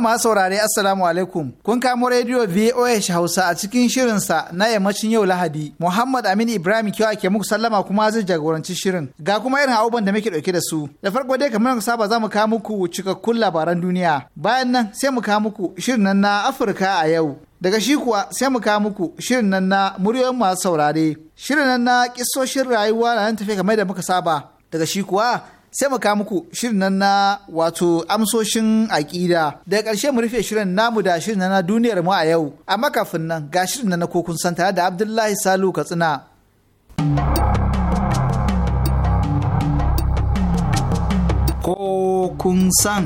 ma saurare assalamu alaikum kun kamo rediyo VOA hausa a cikin shirin sa na yammacin yau lahadi muhammad amin ibrahim kyau ke muku sallama kuma zai jagoranci shirin ga kuma irin abubuwan da muke dauke da su da farko dai kamar saba zamu kawo muku cikakkun labaran duniya bayan nan sai mu kawo muku shirin nan na afirka a yau daga shi kuwa sai mu kawo muku shirin nan na muryoyin masu saurare shirin nan na kisoshin rayuwa na nan tafi kamar da muka saba daga shi kuwa sai mu ka muku shirin nan na wato amsoshin aƙida daga ƙarshe mu rufe shirin namu da shirin na duniyar mu a yau amma kafin nan ga shirin na kokun san da abdullahi salu katsina kokun san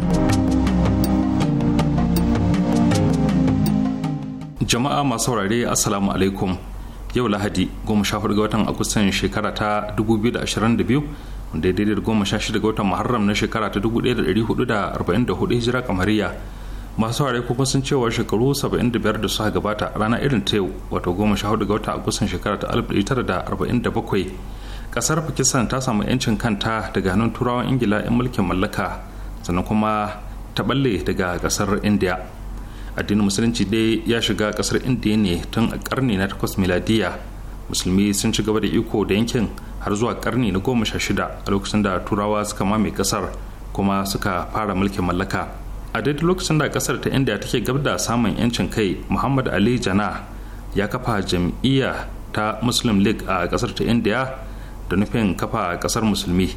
jama'a masu saurare assalamu alaikum yau lahadi 14 ga watan agustan shekara ta 2022 wanda ya daidai da goma sha shida ga watan muharram na shekara ta dubu ɗaya da ɗari hudu da arba'in da hudu hijira kamariya masu ware kuma sun cewa shekaru saba'in da biyar da suka gabata rana irin ta yau wato goma sha hudu ga watan agustan shekara ta alif ɗari tara da arba'in da bakwai ƙasar pakistan ta samu yancin kanta daga hannun turawan ingila 'yan mulkin mallaka sannan kuma ta balle daga ƙasar india addinin musulunci dai ya shiga ƙasar india ne tun a ƙarni na takwas miladiya musulmi sun ci gaba da iko da yankin har zuwa karni na goma sha shida a lokacin da turawa suka mame kasar kuma suka fara mulkin mallaka a daidai lokacin da kasar ta india take gab da samun yancin kai muhammad ali jana ya kafa jam'iyya ta muslim league a kasar ta india da nufin kafa kasar musulmi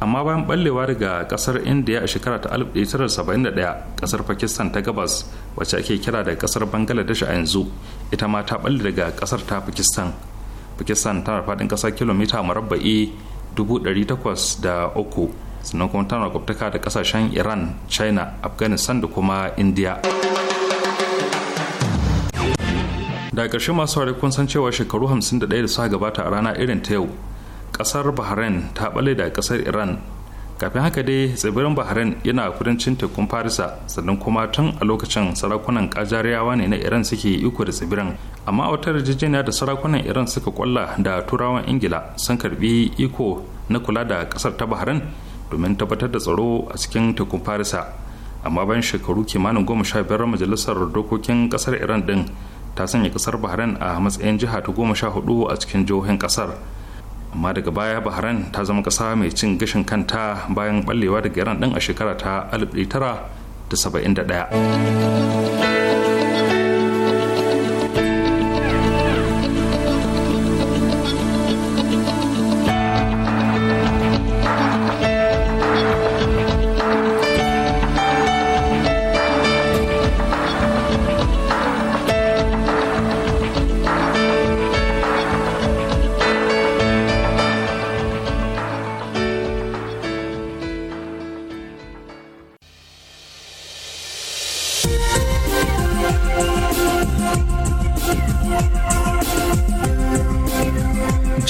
amma bayan ballewa daga kasar india a shekara ta 1971 kasar pakistan ta gabas wacce ake kira da kasar bangladesh a yanzu ita ma ta balle daga kasar ta pakistan pakistan tana faɗin ƙasa kilomita marabba'i 803 sannan kuma tana kwabtaka da ƙasashen iran china afghanistan da kuma india da ƙarshe masu saurari kun san cewa shekaru 51 da suka gabata a rana irin ta yau ƙasar bahrain ta ɓale da ƙasar iran kafin haka dai tsibirin bahrain yana kudancin tekun farisa sannan kuma tun a lokacin sarakunan kajariyawa ne na iran suke iko da tsibirin amma a wata rijijiyar da sarakunan iran suka kwalla da turawan ingila sun karbi iko na kula da kasar ta bahrain domin tabbatar da tsaro a cikin tekun farisa amma bayan shekaru kimanin goma sha biyar majalisar dokokin kasar iran din ta sanya kasar bahrain a matsayin jiha ta goma sha hudu a cikin jihohin kasar amma daga baya bahrain ta zama kasa mai cin gashin kanta bayan ɓallewa daga iran ɗin a shekara ta 1971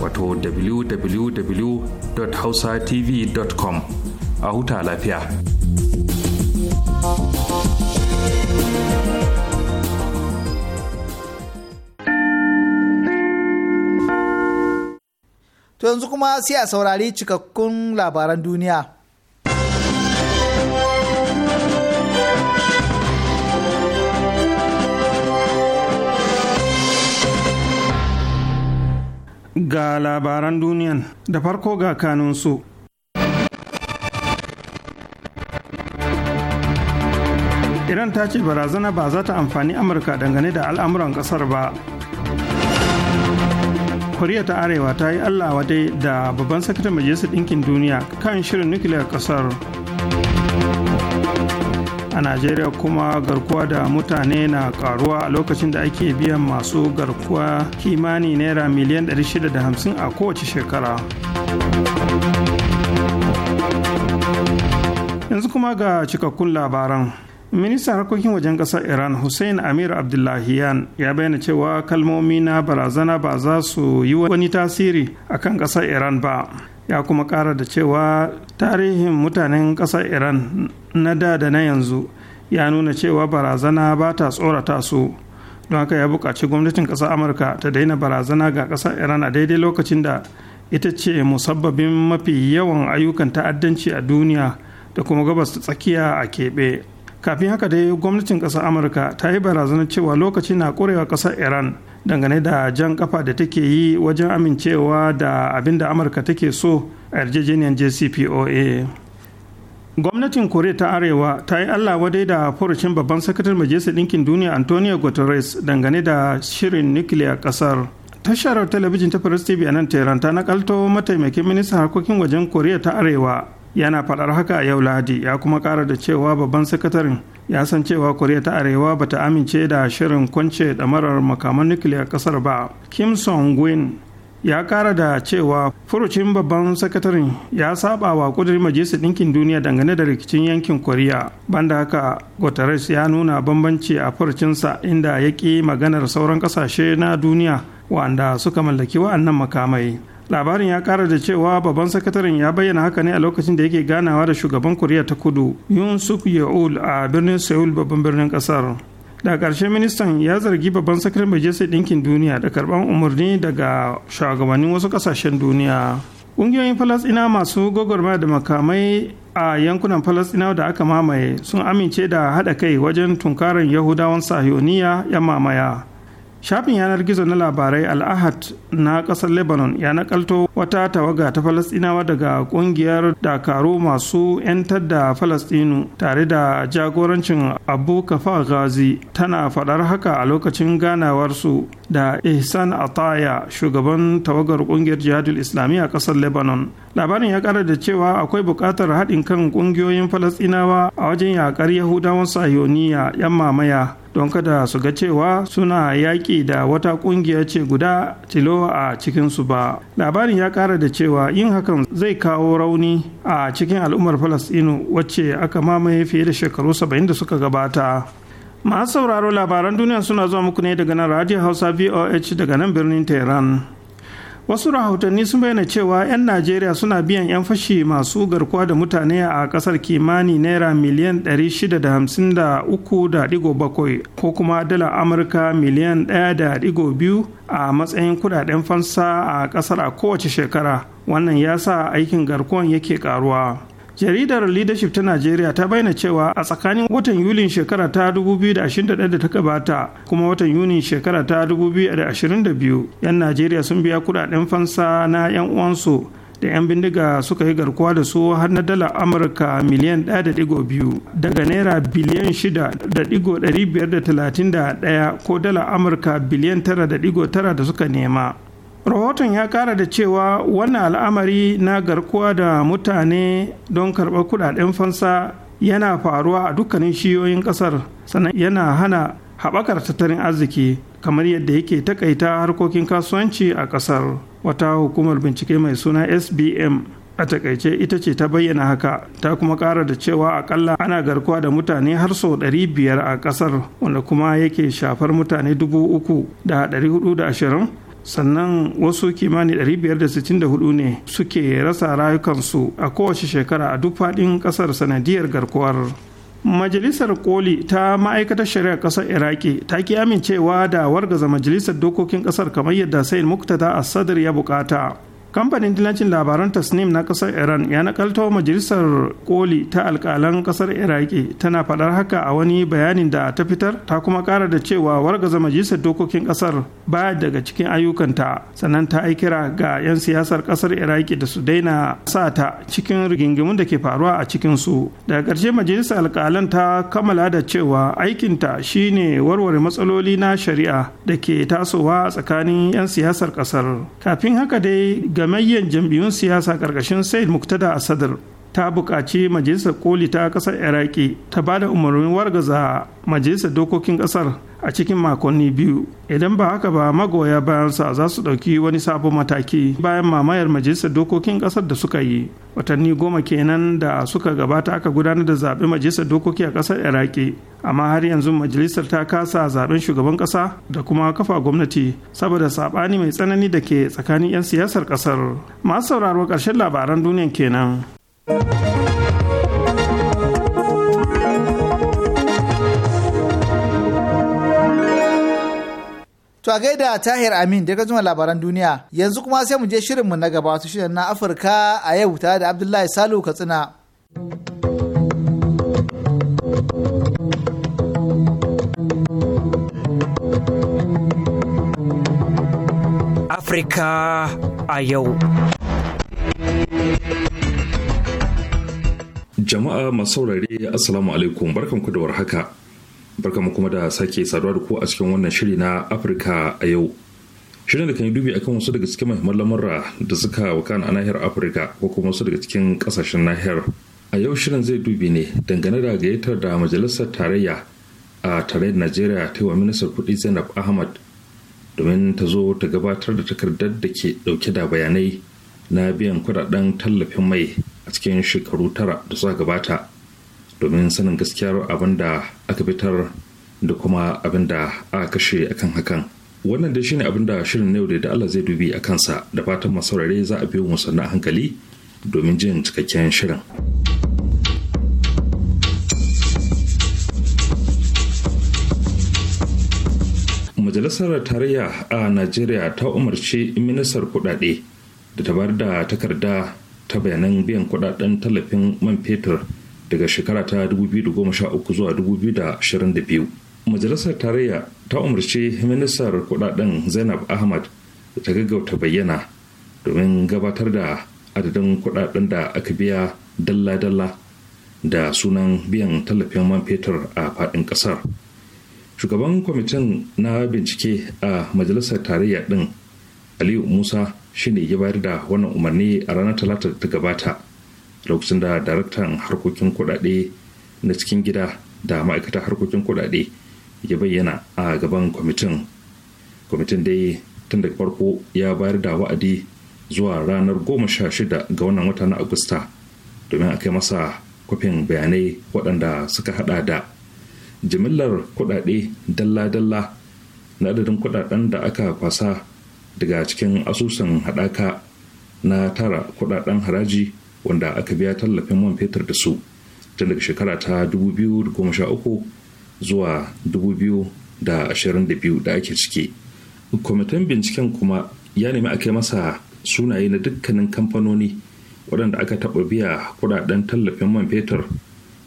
wato www.hausatv.com a huta lafiya. To yanzu kuma sai a saurari cikakkun labaran duniya. ga labaran duniyan da farko ga kanunsu. Iran ta ce barazana ba za ta amfani Amurka dangane da al'amuran ƙasar ba. Koriya ta Arewa ta yi Allah wadai da babban sakitan Majalisar Ɗinkin Duniya kan shirin nukiliyar ƙasar. a najeriya kuma garkuwa da mutane na karuwa a lokacin da ake biyan masu garkuwa kimani naira miliyan 650 a kowace shekara yanzu kuma ga cikakkun labaran ministan harkokin wajen ƙasar iran hussein amir abdullahiyan ya bayyana cewa kalmomi na barazana ba za su yi wani tasiri akan ƙasar iran ba ya kuma kara da cewa tarihin mutanen ƙasar iran na da da na yanzu ya nuna cewa barazana ba ta tsorata su don haka ya buƙaci gwamnatin ƙasar amurka ta daina barazana ga ƙasar iran a daidai lokacin da ita ce musabbabin mafi yawan ayyukan ta'addanci a duniya da kuma gabas tsakiya a keɓe kafin haka dai gwamnatin ƙasar amurka ta yi barazanar cewa lokaci na ƙurewa ƙasar iran dangane da jan kafa da take yi wajen amincewa da abin da amurka take so a yarjejeniyar jcpoa gwamnatin koriya ta arewa ta yi allah wadai da furucin babban sakatar majalisar ɗinkin duniya antonio guterres dangane da shirin nukiliya ƙasar tasharar talabijin ta paris tv a nan tehran na nakalto mataimakin ministan harkokin wajen koriya ta arewa yana faɗar haka a yau lahadi ya kuma ƙara da cewa babban sakataren ya san cewa koriya ta arewa bata amince da shirin kwance ɗamarar makaman nukiliyar ƙasar ba kim song-win ya ƙara da cewa furucin babban sakataren ya saba wa ƙudurin majalisar ɗinkin duniya dangane da rikicin yankin koriya banda haka guterres ya nuna bambanci a furucinsa inda ya ƙi maganar sauran ƙasashe na duniya wanda suka mallaki wa'annan makamai labarin ya kara da cewa babban sakataren ya bayyana haka ne a lokacin da yake ganawa da shugaban koriya ta kudu yun yusuf yaul a birnin seoul babban birnin kasar da ƙarshe ministan ya zargi babban sakataren majalisar ɗinkin duniya da karɓar umarni daga shugabannin wasu ƙasashen duniya ƙungiyoyin falasɗina masu gwagwarmaya da makamai a yankunan falasɗina da aka mamaye sun amince da haɗa kai wajen tunkarar yahudawan sahiyoniya ya mamaya shafin yanar gizo na labarai al'ahad na kasar lebanon ya nakalto wata tawaga ta falastinawa daga kungiyar dakaru masu 'yantar da falastinu tare da jagorancin abu kafa gazi tana fadar haka a lokacin ganawarsu da ihsan ataya shugaban tawagar kungiyar jihadul islami a kasar lebanon labarin ya kara da cewa akwai bukatar haɗin kan ƙungiyoyin falastinawa a wajen yakar yahudawan sayoniya yan mamaya don kada su ga cewa suna yaƙi da wata ƙungiya ce guda tilo a cikinsu ba labarin ya ƙara da cewa yin hakan zai kawo rauni a cikin al'ummar Falasɗinu wacce aka mamaye fiye da shekaru 70 da suka gabata masu sauraro labaran duniya suna zuwa muku ne daga nan radio hausa voh daga nan birnin tehran wasu rahotanni sun bayyana cewa 'yan najeriya suna biyan 'yan fashi masu garkuwa da mutane a kasar kimani naira miliyan 653.7 ko kuma dala amurka miliyan 1.2 a matsayin kudaden fansa a kasar a kowace shekara wannan ya sa aikin garkuwan yake karuwa jaridar leadership ta najeriya ta bayyana cewa a tsakanin watan yulin shekara ta 2021 da ta gabata kuma watan Yuni shekara ta 2022 'yan najeriya sun biya kudaden fansa na 'yan uwansu da 'yan bindiga suka yi garkuwa da su har na dala amurka miliyan 1.2 daga naira biliyan 6.531 ko dala amurka biliyan 9.9 da suka nema rahoton ya kara da cewa wannan al'amari na garkuwa da mutane don karɓar kudaden fansa yana faruwa a dukkanin shiyoyin ƙasar sannan yana hana haɓakar tattalin arziki kamar yadda yake takaita harkokin kasuwanci a ƙasar wata hukumar bincike mai suna sbm a takaice ita ce ta bayyana haka ta kuma ƙara da cewa akalla ana garkuwa da mutane har sau ɗari biyar a ƙasar wanda kuma yake shafar mutane dubu uku da da ɗari hudu ashirin. sannan wasu kimanin 564 ne suke rasa rayukansu a kowace shekara a duk faɗin ƙasar sanadiyar garkuwar majalisar koli ta ma'aikatar shari'ar ƙasar iraki ta ki amincewa da wargaza majalisar dokokin ƙasar kamar yadda sayin mukta a sadar ya bukata kamfanin dilancin labaran tasnim na kasar iran ya wa majalisar koli ta alkalan kasar iraki tana faɗar haka a wani bayanin da ta fitar ta kuma kara da cewa wargaza majalisar dokokin kasar baya daga cikin ayyukanta sannan ta yi kira ga 'yan siyasar kasar iraki da su daina sa ta cikin rigingimun da ke faruwa a cikin su daga ƙarshe majalisar alkalan ta kammala da cewa aikinta shine warware matsaloli na shari'a da ke tasowa tsakanin 'yan siyasar kasar kafin haka dai gamayyen jam'iyyun siyasa karkashin said muktada a sadar. ta buƙaci majalisar koli ta ƙasar iraki ta ba da umarnin wargaza majalisar dokokin ƙasar a cikin makonni biyu idan ba haka ba magoya bayansa za su ɗauki wani sabon mataki bayan mamayar majalisar dokokin ƙasar da suka yi watanni goma kenan da suka gabata aka gudanar da zaɓen majalisar dokoki a ƙasar iraki amma har yanzu majalisar ta kasa zaɓen shugaban ƙasa da kuma kafa gwamnati saboda saɓani mai tsanani da ke tsakanin 'yan siyasar ƙasar masu sauraro ƙarshen labaran duniyan kenan To a gaida Tahir Amin daga zuwa labaran duniya yanzu kuma sai mu je shirin mu na gaba wato shirin na Afirka a yau tare da Abdullahi Salu Katsina. Afirka a yau. Jama'a masu saurare Assalamu alaikum barkanku da warhaka. kuma da sake saduwa da ku a cikin wannan shiri na Afirka a yau. Shirin da kan yi dubi akan wasu daga cikin muhimman lamurra da suka wakana a nahiyar Afirka ko kuma wasu daga cikin kasashen nahiyar. A yau shirin zai dubi ne dangane da gayyatar da majalisar tarayya a tarayyar Najeriya ta yi wa ministan kuɗi Zainab Ahmad domin ta zo ta gabatar da takardar da ke dauke da bayanai na biyan kudaden tallafin mai a cikin shekaru tara da suka gabata domin sanin gaskiyar abin da aka fitar da kuma abin da aka kashe akan hakan wannan dai shine abin da shirin yau da Allah zai dubi a kansa da fatan masaurare za a biyo musu sannan hankali domin jin cikakken shirin. majalisar tarayya a najeriya ta umarci ministar kudade da ta bar da takarda ta bayanan biyan kudaden tallafin man fetur daga shekara ta 2013 zuwa 2022 majalisar tarayya ta umarci ministar kudaden zainab ahmad da ta gaggauta bayyana domin gabatar da adadin kudaden da aka biya dalla-dalla da sunan biyan tallafin man fetur a faɗin ƙasar shugaban kwamitin na bincike a majalisar tarayya ɗin aliyu musa shine ya bayar da wannan umarni a ranar talata da ta gabata lokacin da daraktan harkokin kudade na cikin gida da ma'aikatar harkokin kudade ya bayyana a gaban kwamitin kwamitin dai tun daga farko ya bayar da wa'adi zuwa ranar goma sha shida ga wannan wata na agusta domin a kai masa kwafin bayanai waɗanda suka hada da jimillar kudade dalla-dalla na adadin kudaden da aka kwasa daga cikin asusun haɗaka na tara kudaden haraji wanda aka biya tallafin man fetur da su tun daga shekara ta 2013 zuwa 2022 da ake ciki kwamitin binciken kuma ya nemi a kai masa sunaye na dukkanin kamfanoni waɗanda aka taɓa biya kudaden tallafin man fetur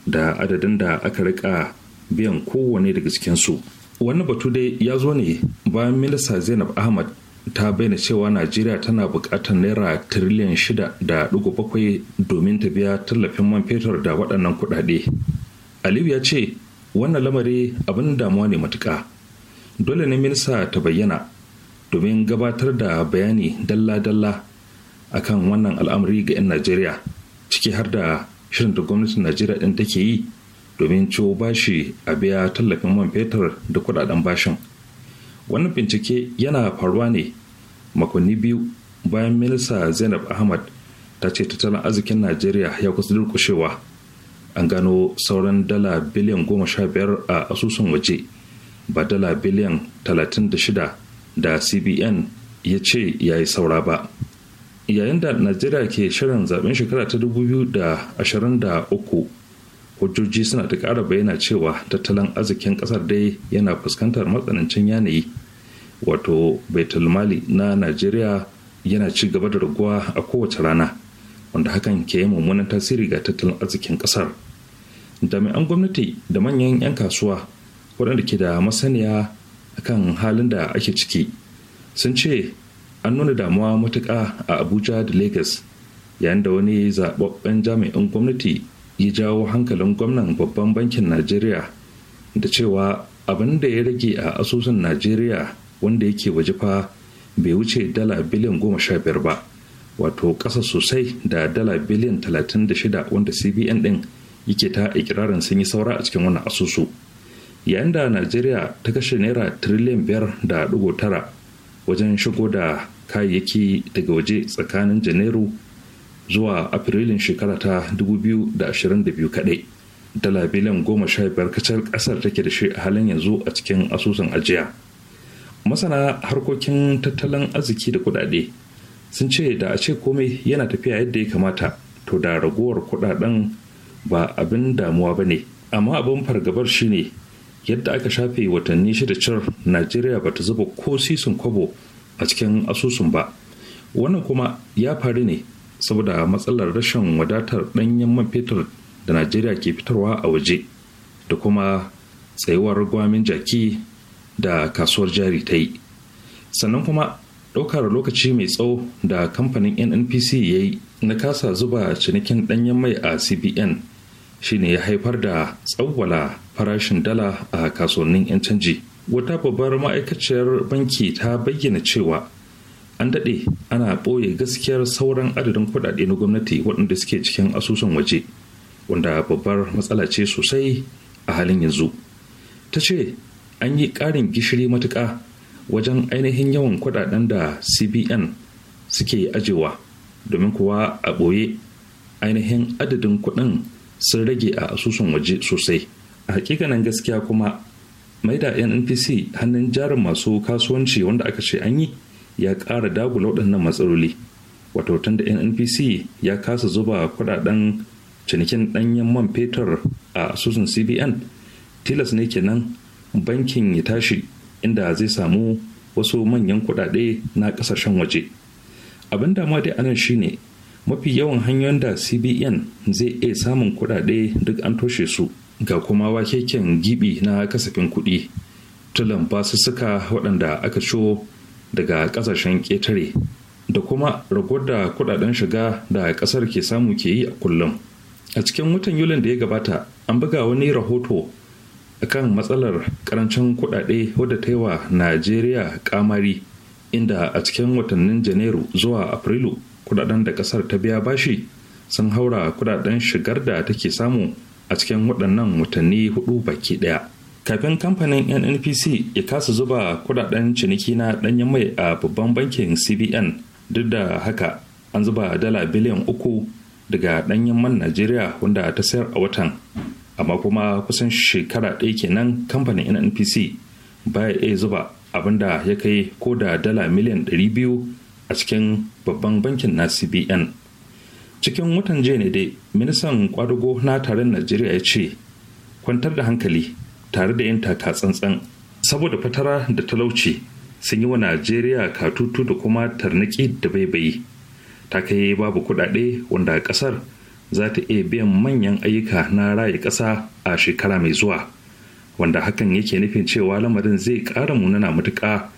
da adadin da aka rika biyan kowane daga cikinsu wani batu dai ya zo ne bayan minista zainab ahmad ta bayyana cewa najeriya tana bukatar naira tiriliyan shida da dugu bakwai domin ta biya tallafin man fetur da waɗannan kuɗaɗe aliyu ya ce wannan lamari abin damuwa ne matuƙa dole ne minista ta bayyana domin gabatar da bayani dalla-dalla akan wannan al'amari ga 'yan najeriya ciki har da shirin da gwamnatin najeriya ɗin take yi domin ciwo bashi a biya tallafin man fetur da kuɗaɗen bashin wannan bincike yana faruwa ne makonni biyu bayan minista zainab ahmad ta ce tattalin arzikin najeriya ya kusa durkushewa an gano sauran dala biliyan goma sha biyar a asusun waje ba dala biliyan talatin da shida da cbn ya ce ya yi saura ba yayin da najeriya ke shirin zaben shekara ta da da ashirin uku. hujjoji suna da ƙara bayyana cewa tattalin arzikin ƙasar dai yana fuskantar matsanancin yanayi wato baitulmali na najeriya yana ci gaba da raguwa a kowace rana wanda hakan ke yi mummunan tasiri ga tattalin arzikin ƙasar jami'an gwamnati da manyan 'yan kasuwa waɗanda ke da masaniya akan halin da ake ciki sun ce an nuna damuwa matuƙa a abuja da lagos yayin da wani zaɓaɓɓen jami'an gwamnati ya jawo hankalin gwamnan babban bankin najeriya da cewa abin da ya rage a asusun najeriya wanda yake waje fa bai wuce dala biliyan goma sha biyar ba wato ƙasa sosai da dala biliyan talatin da shida wanda cbn ɗin yake ta ikirarin sun yi saura a cikin wannan asusu yayin da najeriya ta kashe naira tiriliyan biyar da ɗigo tara wajen shigo da kayayyaki daga waje tsakanin janairu zuwa afrilun shekara ta 2022 kadai dala biliyan goma sha biyar kacar kasar take da shi a halin yanzu a cikin asusun ajiya masana harkokin tattalin arziki da kudade sun ce da a ce komai yana tafiya yadda ya kamata to da ragowar kudaden ba abin damuwa ba ne amma abin fargabar shine yadda aka shafe watanni shida cir najeriya ba ta zuba ko sisin kwabo a cikin asusun ba wannan kuma ya faru ne saboda matsalar rashin wadatar ɗanyen man fetur da najeriya ke fitarwa a waje da kuma tsayuwar gwamin jaki da kasuwar jari ta yi sannan kuma ɗaukar lokaci mai tsawo da kamfanin nnpc ya yi na kasa zuba cinikin ɗanyen mai a cbn shine ya haifar da tsawwala farashin dala a kasuwannin 'yan canji wata babbar ma'aikaciyar banki ta bayyana cewa an daɗe ana ɓoye gaskiyar sauran adadin kuɗaɗe na gwamnati waɗanda suke cikin asusun waje wanda babbar matsala ce sosai a halin yanzu ta ce an yi ƙarin gishiri matuƙa wajen ainihin yawan kuɗaɗen da cbn suke ajewa domin kuwa a ɓoye ainihin adadin kuɗin sun rage a asusun waje sosai a hakikanin gaskiya kuma maida npc hannun jarin masu kasuwanci wanda aka ce an yi ya ƙara dagula waɗannan matsaloli wato tun da nnpc ya kasa zuba kuɗaɗen cinikin ɗanyen man fetur a asusun cbn tilas ne kenan bankin ya tashi inda zai samu wasu manyan kuɗaɗe na ƙasashen waje abin damuwa dai anan shine mafi yawan hanyoyin da cbn zai iya samun kuɗaɗe duk an toshe su ga kuma wakeken gibi na kasafin kuɗi tulan basussuka waɗanda aka ciwo daga kasashen ƙetare da kuma ragoda da kudaden shiga da kasar ke samu ke yi a kullum a cikin watan yulin da ya gabata an buga wani rahoto kan matsalar karancin kudade wadda ta yi wa najeriya kamari inda a cikin watannin janairu zuwa afrilu kudaden da kasar ta biya bashi sun haura kudaden shigar da take samu a cikin waɗannan watanni hudu baki ɗaya kafin kamfanin nnpc ya kasa zuba kudaden ciniki na danyen mai a babban bankin cbn duk da haka an zuba dala biliyan uku daga danyen man najeriya wanda ta sayar a watan amma kuma kusan shekara ɗaya kenan kamfanin nnpc baya iya zuba abinda ya kai ko da dala miliyan 200 a cikin babban bankin na cbn cikin watan jiya ne dai ministan kwadugo na taron najeriya ya ce kwantar da hankali tare da yin taka tsantsan saboda fatara da talauci sun yi wa najeriya katutu da kuma tarnaki da baibayi ta kai babu kudade wanda kasar za ta iya biyan manyan ayyuka na raye kasa a shekara mai zuwa wanda hakan yake nufin cewa lamarin zai ƙara munana matuƙa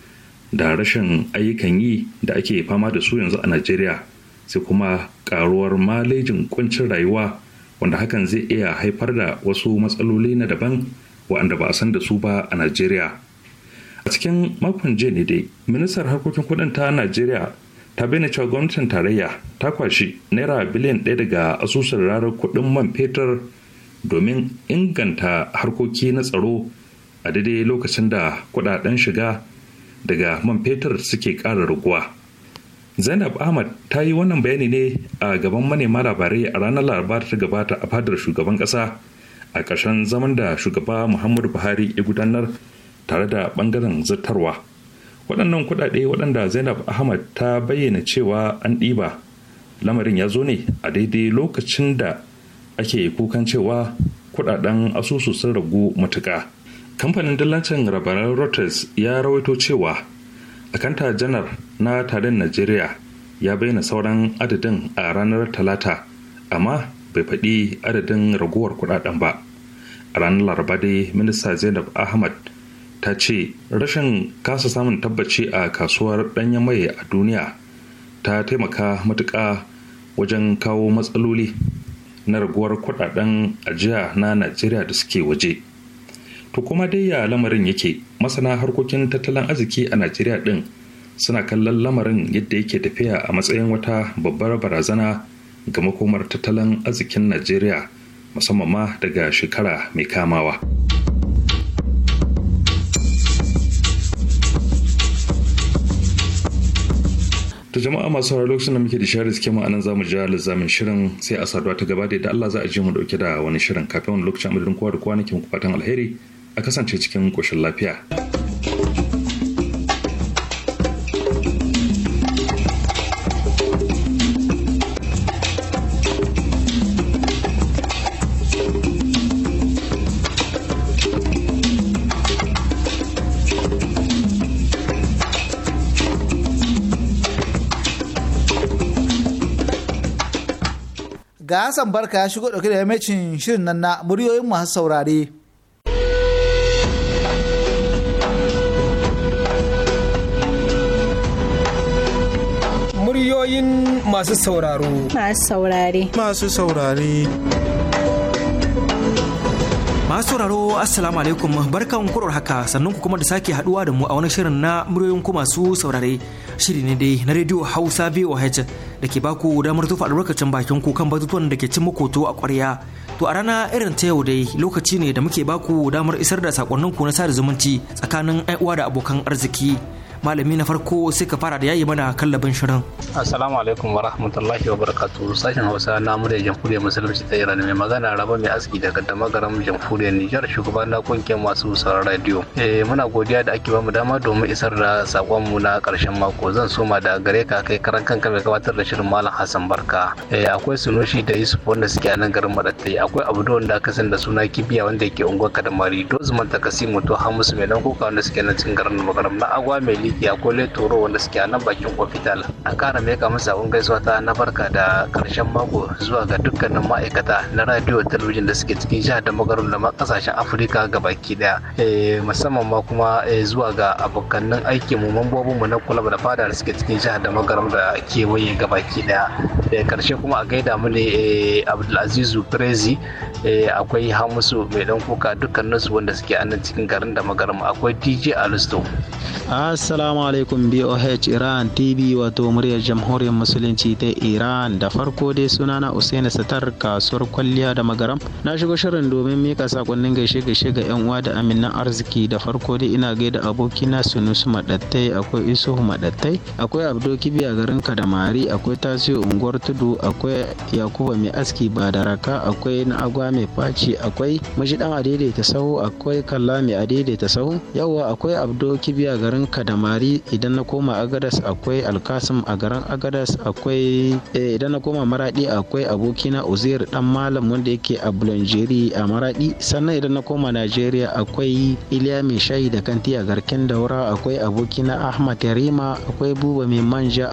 da rashin ayyukan yi da ake fama da su yanzu a najeriya sai kuma karuwar malejin kuncin rayuwa wanda hakan zai iya haifar da wasu matsaloli na daban waɗanda ba a san da su ba a najeriya a cikin makon jiya ne dai ministar harkokin kudin ta najeriya ta bayyana cewa gwamnatin tarayya ta kwashi naira biliyan ɗaya daga asusun rarar kudin man fetur domin inganta harkoki na tsaro a daidai lokacin da kudaden shiga daga man fetur suke ƙara raguwa zainab ahmad ta yi wannan bayani ne a gaban manema labarai a ranar laraba ta gabata a fadar shugaban ƙasa a ƙarshen zaman da shugaba muhammadu buhari ya gudanar tare da ɓangaren zartarwa waɗannan kuɗaɗe waɗanda zainab ahmad ta bayyana cewa an ɗiba lamarin ya zo ne a daidai lokacin da ake kukan cewa kuɗaɗen asusu sun ragu matuƙa kamfanin dillancin rabaran reuters ya rawaito cewa akanta janar na tarin najeriya ya bayyana sauran adadin a ranar talata amma bai faɗi adadin raguwar kuɗaɗen ba a ranar laraba dai minista zainab ahmad ta ce rashin kasa samun tabbaci a kasuwar ɗanyen mai a duniya ta taimaka matuƙa wajen kawo matsaloli na raguwar kuɗaɗen ajiya na najeriya da suke waje to kuma dai ya lamarin yake masana harkokin tattalin arziki a najeriya ɗin suna kallon lamarin yadda yake tafiya a matsayin wata babbar barazana ga makomar tattalin arzikin najeriya musamman ma daga shekara mai kamawa to jama'a masu sauraro lokacin da muke da share suke mu anan zamu ja lizamin shirin sai a saduwa ta gaba da yadda Allah za a je mu dauke da wani shirin kafin wani lokacin amadadin kowa da kowa nake muku fatan alheri a kasance cikin koshin lafiya. ga Hassan Barka ya shigo dauke da yammacin shirin nan na muryoyin masu saurare. Muryoyin masu sauraro. Masu saurare. Masu saurare. masu sauraro assalamu alaikum barkan kurar haka sannan ku kuma da sake haduwa da mu a wani shirin na muryoyin ku masu saurare shiri ne dai na rediyo hausa voh da ke baku damar tufa albarkacin bakin ku kan batutuwan da ke cin muku a kwarya To a rana irin ta yau dai lokaci ne da muke baku damar isar da sakonninku na sada zumunci tsakanin uwa da abokan arziki. malami na farko sai ka fara da yayi mana kallabin shirin assalamu alaikum wa rahmatullahi wa barakatuh sashen hausa na murya jamhuriyar musulunci ta iran mai magana raba mai aski daga damagaram jamhuriyar nijar shugaban na kungiyar masu sauraron radio eh muna godiya da ake bamu dama domin isar da sakon mu na karshen mako zan soma da gare ka kai karan kanka mai gabatar da shirin malam hassan barka eh akwai sunushi da yusuf wanda suke a nan garin madattai akwai abdu wanda aka san da suna kibiya wanda yake unguwar kadamari dozman takasimu to hamisu mai dan kuka wanda suke nan cikin garin magaram na agwa mai ya kole toro wanda suke a nan bakin ofital a kara mai kama sabon gaisuwa ta na barka da karshen mako zuwa ga dukkanin ma'aikata na radio talabijin da suke cikin jihar da magarin da kasashen afirka gabaki daya eh, musamman ma kuma eh, zuwa ga abokannin aikin mu mambobin mu na kulab da fada da suke cikin jihar da magarin da kewaye gabaki daya da eh, karshe kuma a gaida mu ne abdulazizu crazy akwai hamusu mai dan kuka dukkanin su wanda suke a nan cikin garin da magarin akwai dj alisto Assalamu alaikum BOH Iran TV wato muryar jamhuriyar musulunci ta Iran da farko dai sunana Usaini Satar kasuwar kwalliya da magaram na shigo shirin domin mika sakonnin gaishe gaishe ga yan uwa da aminan arziki da farko dai ina gaida abokina Sunusu Madattai akwai Isuhu Madattai akwai Abdo Kibiya garin Kadamari akwai tasi unguwar Tudu akwai Yakuba mai aski Badaraka akwai na agwa mai faci akwai Mashidan Adaidaita Sahu akwai Kalla mai Adaidaita Sahu yawa akwai Abdo Kibiya garin Kadamari samari idan na koma agadas akwai alkasim a garin agadas akwai eh, idan na koma maradi akwai abokina uzair dan malam wanda yake a bulanjeri a maradi sannan idan na koma najeriya akwai iliya mai shayi da kanti a garken daura akwai abokina ahmad yarima akwai buba mai manja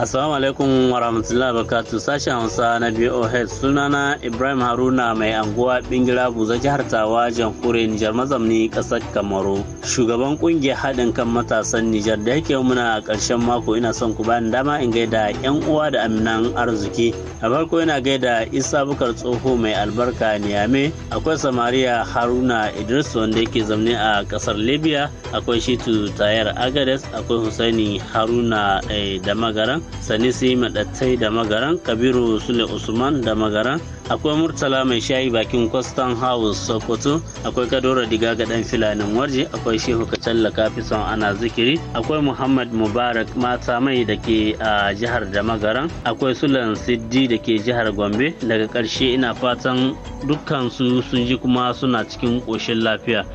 Assalamu alaikum wa rahmatullahi barakatu sashen Hausa na BOH sunana Ibrahim Haruna mai anguwa Bingila Buza jihar Tawa jamhuriyar Nijar mazamni kasar Kamaru. Shugaban kungiyar haɗin kan matasan Nijar da yake muna ƙarshen mako ina son ku bani dama in gaida yan uwa da aminan arziki. A farko ina gaida Isa Bukar Tsoho mai albarka Niyame, akwai Samaria Haruna Idris wanda yake zamne a ƙasar Libya, akwai Shitu Tayar Agades, akwai Husaini Haruna eh, da Magaran. sanisi madattai da magaran kabiru sule usman da magaran akwai murtala mai shayi bakin kwastan house sokoto akwai kadora diga ga dan filanin warje akwai shehu kacalla kafison ana zikiri akwai muhammad mubarak mata mai da ke a jihar da magaran akwai sulan siddi da ke jihar gombe daga karshe ina fatan dukkan su sun ji kuma suna cikin koshin lafiya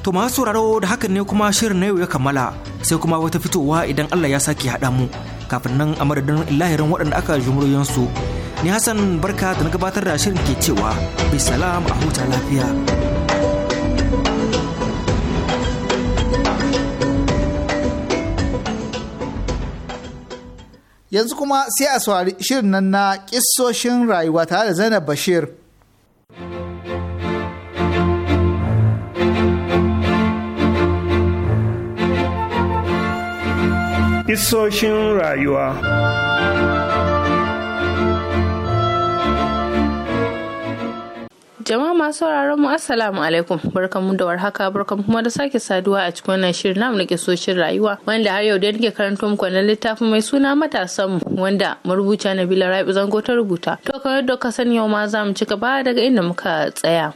To masu sauraro da hakan ne kuma shirin na yau ya kammala sai kuma wata fitowa idan Allah ya sake haɗa mu kafin nan a madadin lahirin waɗanda aka jumuriyansu ni hassan barka da na gabatar da shirin ke cewa bisalam a huta lafiya yanzu kuma sai a saurari shirin nan na ƙisoshin rayuwa tare da zainab bashir Isoshin rayuwa Jama'a masu sauraron mu Assalamu alaikum mu da warhaka barkamu kuma da sake saduwa a cikin wannan shirin namu na kisoshin rayuwa wanda har yau da nake karanto muku wannan littafin mai suna matasan mu wanda na bila Rabi Zango ta rubuta to kamar yadda ka sani yau ma za mu ci gaba daga inda muka tsaya.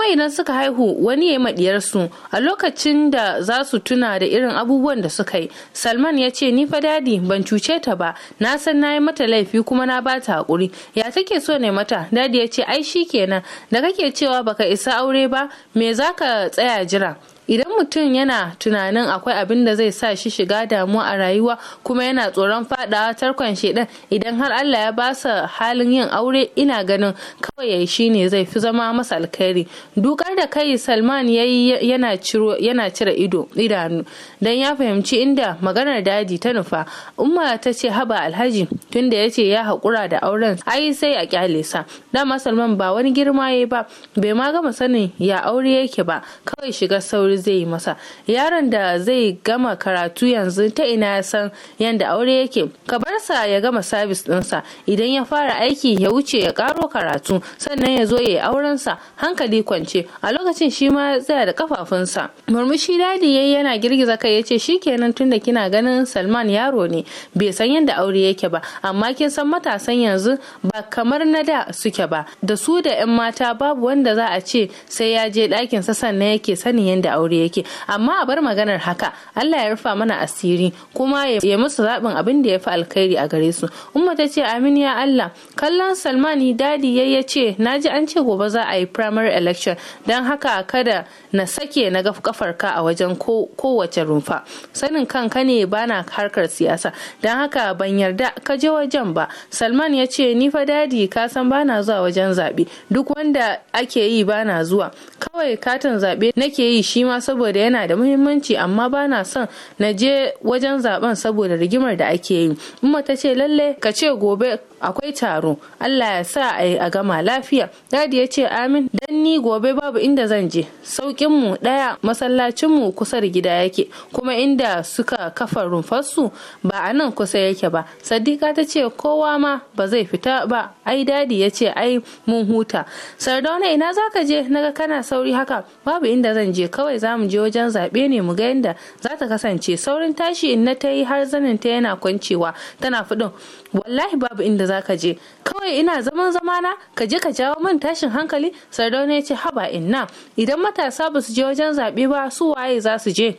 kuma idan suka haihu wani ya yi maɗiyarsu a lokacin da za su tuna da irin abubuwan da suka yi salman ya ce ni fa dadi ban cuce ta ba na san na yi mata laifi kuma na ba ta haƙuri ya take so ne mata dadi ya ce ai shi kenan da kake cewa baka isa aure ba me za ka tsaya jira idan mutum yana tunanin akwai abin da zai sa shi shiga damuwa a rayuwa kuma yana tsoron fadawa tarkon shedan idan har Allah ya basa halin yin aure ina ganin kawai shi shine zai fi zama masa alkhairi dukar da kai Salman yayi yana ciro yana cire ido idanu dan ya fahimci inda maganar daji ta nufa umma ta ce haba alhaji tunda ya ce ya hakura da auren ai sai a kyale sa dama Salman ba wani girma yayi ba bai ma gama sanin ya aure yake ba kawai shiga sauri zai yi masa yaron da zai gama karatu yanzu ta ina ya san yanda aure yake ka bar sa ya gama sabis ɗinsa idan ya fara aiki ya wuce ya karo karatu sannan ya zo ya yi aurensa hankali kwance a lokacin shi ma tsaya da kafafunsa murmushi dadi yayi yana girgiza kai yace shikenan tunda kina ganin Salman yaro ne bai san yadda aure yake ba amma kin san matasan yanzu ba kamar na da suke ba da su da 'yan mata babu wanda za a ce sai ya je ɗakinsa sannan yake sanin yadda aure yake amma a bar maganar haka Allah ya rufa mana asiri kuma ya musu zaɓin abin da ya fi alkhairi a gare su umma ta ce amin ya Allah kallon Salman dadi ya ce na ji an ce gobe za a yi primary election don haka kada na sake na ga kafarka a wajen kowace rumfa sanin kanka ne bana harkar siyasa don haka ban yarda ka je wajen ba Salman ya ce ni fa dadi ka san bana zuwa wajen zaɓe duk wanda ake yi bana zuwa kawai katin zaɓe nake yi shi ma saboda yana da muhimmanci amma ba na son na je wajen zaben saboda rigimar da ake yi umma ta ce lalle ka ce gobe akwai taro allah ya sa a yi a gama lafiya dadi ya ce amin dan ni gobe babu inda zan je saukin mu daya masallacin mu kusa da gida yake kuma inda suka kafa su ba a nan kusa yake ba sadiqa ta ce kowa ma ba zai fita ba ai dadi ya ce ai mun huta sardauna ina zaka je naga kana sauri haka babu inda zan je kawai za mu je wajen zaɓe ne mu ga yadda za ta kasance saurin tashi in na ta yi har zanin ta yana kwancewa tana fudin wallahi babu inda za ka je kawai ina zaman zamana ka je ka jawo min tashin hankali sardauna ya ce haba inna idan matasa ba su je wajen zaɓe ba su waye za su je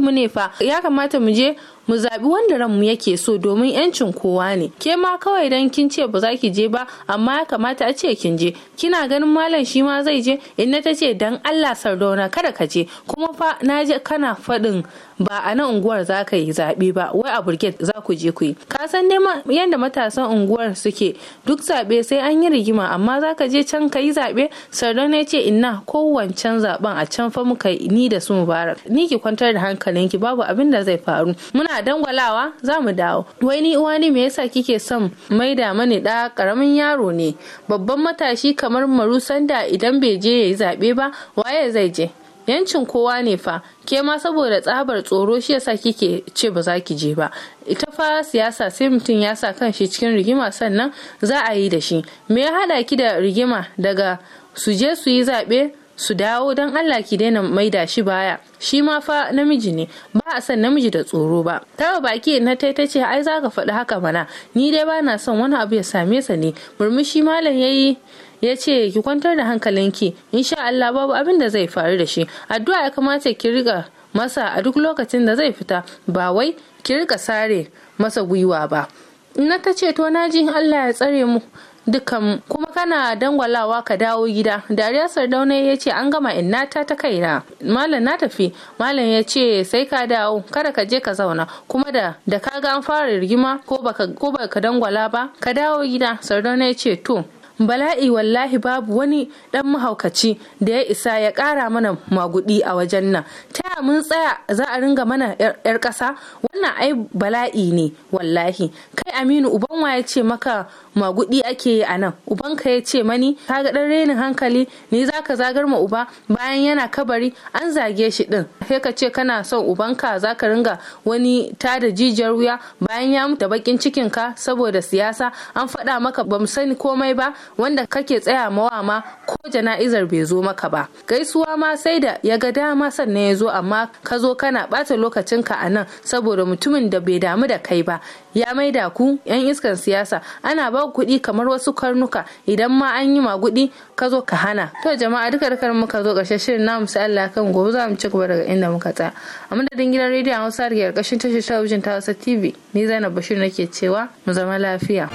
mu ne fa ya kamata mu je mu zaɓi wanda mu yake so domin yancin kowa ne ke ma kawai dan kin ce ba za ki je ba amma ya kamata a ce kin je kina ganin malam shi ma zai je inna ta ce dan Allah sardauna kada ka je kuma fa na je kana faɗin ba a nan unguwar za ka yi zaɓe ba wai a burget za ku je ku yi ka san ne yadda matasan unguwar suke duk zaɓe sai an yi rigima amma za ka je can ka yi zaɓe sardau ne ce inna kowancan zaɓen a can fa muka ni da su mubarak ni ki kwantar da hankalin ki babu abin da zai faru muna dangwalawa za mu dawo wai ni uwa ne me yasa kike son mai da mani da karamin yaro ne babban matashi kamar marusanda idan bai je ya yi zaɓe ba waye zai je yancin kowa ne fa ke ma saboda tsabar tsoro shi yasa kike ce ba za ki je ba ita fa siyasa sai mutum ya sa kan shi cikin rigima sannan za a yi da shi me ya hada ki da rigima daga su je su yi zaɓe su dawo don Allah ki daina maida shi baya shi ma fa namiji ne ba a san namiji da tsoro ba ba baki na tai ta ce ai za ka faɗi haka mana ni dai ba na son wani abu ya same sa ne murmushi malam ya yi. ya ce ki kwantar da hankalinki insha Allah babu abin da zai faru da shi addu'a ya kamata ki riga masa a duk lokacin da zai fita ba wai ki riga sare masa gwiwa ba na ta ce to naji Allah ya tsare mu dukan kuma kana dangwalawa ka dawo gida dariya sardauna ya ce an gama inna ta ta kaina malam na tafi malam ya ce sai ka dawo kada ka je ka zauna kuma da da kaga an fara rigima ko baka ko baka dangwala ba ka dawo gida sardauna ya ce to bala'i wallahi babu wani dan mahaukaci da ya isa ya kara mana magudi a wajen nan ta mun tsaya za a ringa mana yar ƙasa wannan ai bala'i ne wallahi kai aminu uban wa ya ce maka magudi ake yi a nan ubanka ya ce mani ka ga dan renin hankali ni zaka zagar ma uba bayan yana kabari an zage shi din sai ka ce kana son ubanka zaka ringa wani tada jijiyar wuya bayan ya mutu da bakin cikinka saboda siyasa an faɗa maka bamu sani komai ba wanda kake tsaya mawa ma ko jana'izar bai zo maka ba gaisuwa ma sai da ya ga dama sannan ya zo amma ka zo kana lokacin ka a nan saboda mutumin da bai damu da kai ba ya maida ku yan iskan siyasa ana ba kuɗi kamar wasu karnuka idan ma an yi maguɗi ka zo ka hana to jama'a duka dukar muka zo ƙarshen shirin namu sai Allah kan gobe za mu ci gaba daga inda muka tsaya a madadin gidan rediyon Hausa da ƙarƙashin tashar talabijin ta Hausa TV ni Zainab Bashir nake cewa mu zama lafiya.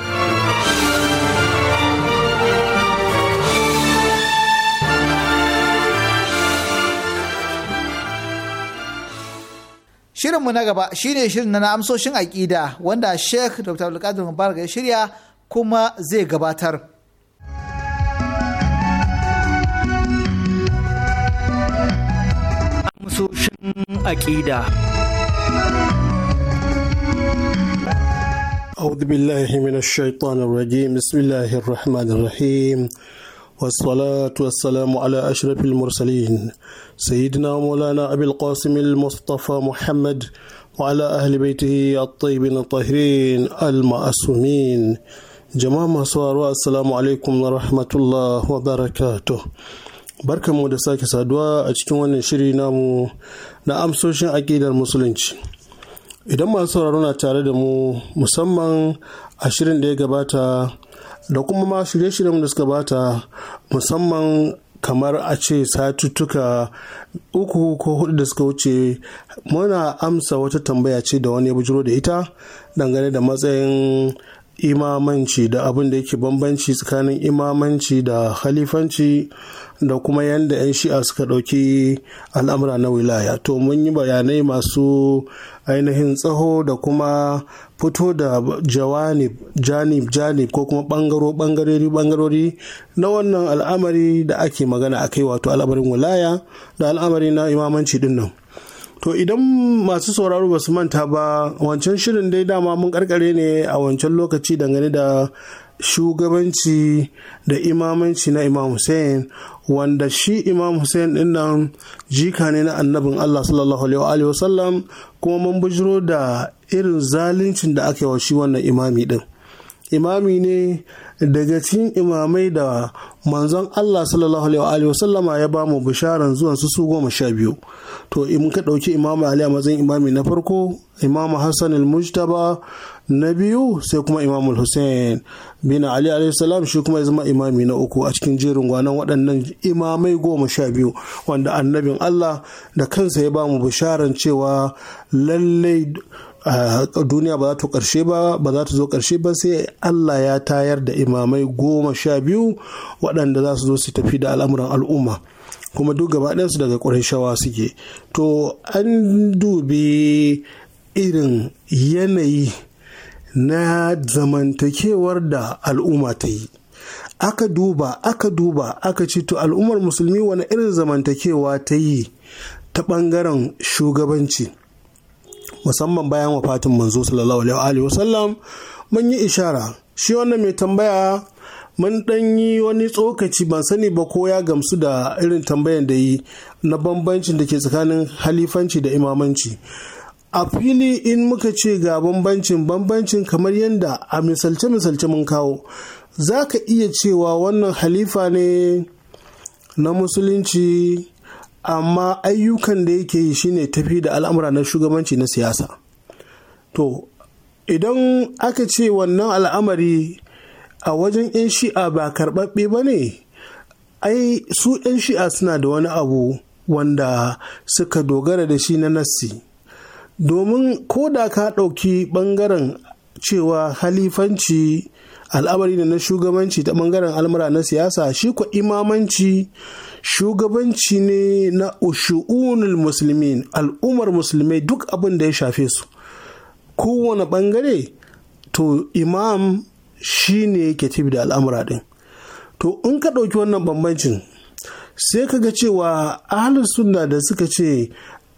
Shirinmu na gaba shine shirin na amsoshin aƙida wanda Sheikh Dr. Abdulkadir Mubarak ya shirya kuma zai gabatar. Amsoshin aƙida. أعوذ بالله من الشيطان الرجيم بسم الله الرحمن الرحيم والصلاة والسلام على أشرف المرسلين سيدنا مولانا أبي القاسم المصطفى محمد وعلى أهل بيته الطيبين الطاهرين المأسومين جماعة مسوار السلام عليكم ورحمة الله وبركاته barkan mu da sake saduwa a cikin wannan shiri namu na amsoshin aƙidar musulunci idan masu sauraro na tare da mu musamman a shirin da ya gabata da kuma ma shirye-shiryen da suka bata musamman kamar a ce satuttuka uku ko hudu da suka wuce muna amsa wata tambaya ce da wani ya bujiro da ita dangane da matsayin imamanci da abin da yake bambanci tsakanin imamanci da halifanci da kuma yadda 'yan shi'a suka ɗauki al'amura na wilaya to mun yi bayanai masu ainihin tsaho da kuma fito da jawanib janib janib ko kuma bangaro bangarori bangarori na wannan al'amari da ake magana a kai wato al'amarin wilaya da al'amari na imamanci din nan to idan masu sauraro ba su manta ba wancan shirin dai dama mun karkare ne a wancan lokaci dangane da shugabanci da imamanci na imam hussein wanda shi imam hussein din nan jika ne na annabin allah sallallahu alaihi wasallam kuma mun bujiro da irin zaluncin da aka yi wa shi wannan imami din imami ne daga cikin imamai da manzon Allah sallallahu alaihi wa sallama ya bamu bisharan zuwan su su goma sha biyu to in ka ɗauki imamu Ali a matsayin imami na farko imamu Hassan al-Mujtaba na biyu sai kuma imamu Hussein bin Ali alaihi salam shi kuma ya zama imami na uku a cikin jerin gwanan waɗannan imamai goma sha biyu wanda annabin Allah da kansa ya bamu bisharan cewa lallai duniya ba za ta ƙarshe ba ba za ta zo ƙarshe ba sai Allah ya tayar da imamai goma sha biyu waɗanda za su zo su tafi da al'amuran al'umma kuma duk gaba ɗayansu daga shawa suke to an dubi irin yanayi na zamantakewar da al'umma ta yi aka duba aka duba aka ci to al'ummar musulmi wani irin zamantakewa ta yi ta ɓangaren shugabanci musamman bayan wafatin manzo sallallahu alaihi wa sallam mun yi ishara shi wannan mai tambaya mun ɗan yi wani tsokaci ban sani ba ko ya gamsu da irin tambayan da yi na bambancin da ke tsakanin halifanci da imamanci a fili in muka ce ga bambancin bambancin kamar yadda a misalce-misalce mun kawo za ka iya cewa wannan halifa ne na musulunci amma ayyukan da yake yi shine tafi da al'amura na shugabanci na siyasa to idan aka ce wannan al'amari a wajen 'yan shi'a ba karɓaɓɓe ba ne ai su 'yan shi'a suna da wani abu wanda suka dogara da shi na nasi domin ko da ka ɗauki ɓangaren cewa halifanci al'amari ne na shugabanci ta bangaren al'amura na siyasa shi ko imamanci shugabanci ne na ushu'unul musulmin al'ummar musulmai duk abin da ya shafe su kowane bangare to imam shi ne yake tafi da al'amura din to in ka ɗauki wannan bambancin sai ka ga cewa ahalin sunna da suka ce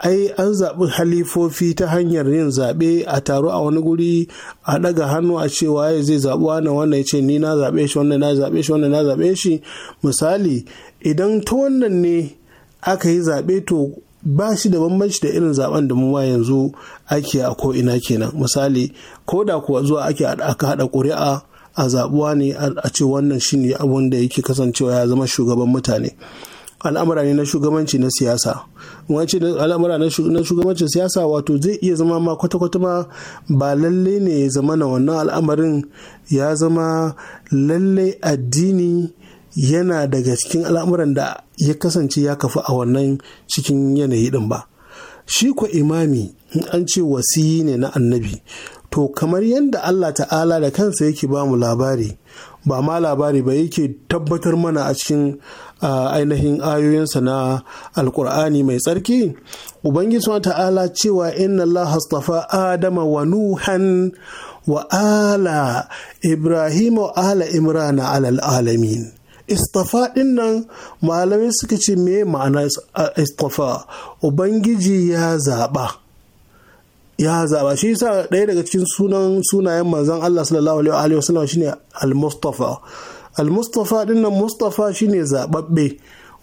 ai an zaɓi halifofi ta hanyar yin zaɓe a taro a wani guri a ɗaga hannu a cewa ya zai zaɓi wani wannan ya ce ni na zaɓe shi wannan na zaɓe shi wannan na zaɓe shi misali idan ta wannan ne aka yi zaɓe to ba shi da bambanci da irin zaɓen da mu ma yanzu ake a ko ina kenan misali ko da kuwa zuwa ake aka haɗa ƙuri'a a zaɓuwa ne a ce wannan shine abun da yake kasancewa ya zama shugaban mutane al'amura ne na shugabanci na siyasa wance al'amura na shugabancin siyasa wato zai iya zama ma kwata-kwata ma ba lalle ne ya zama na wannan al'amarin ya zama lalle addini yana daga cikin al'amuran da ya kasance ya kafu a wannan cikin yanayi din ba shi ko imami an ce wasiyi ne na annabi to kamar yadda Allah ta'ala da kansa yake ba mu labari ba ma labari ba yake tabbatar mana a cikin ainihin ayoyinsa na alkur'ani mai tsarki ubangiji wa ta'ala cewa inna allah astafa adama wa nuhan wa ala ibrahim wa ala imrana alal alamin istafa dinnan malamai suka ce me ma'ana istafa ubangiji ya zaba ya zaba shi yasa ɗaya daga cikin sunan sunayen manzon Allah sallallahu alaihi wa sallam shine al-mustafa al-mustafa dinnan mustafa shine zaɓaɓɓe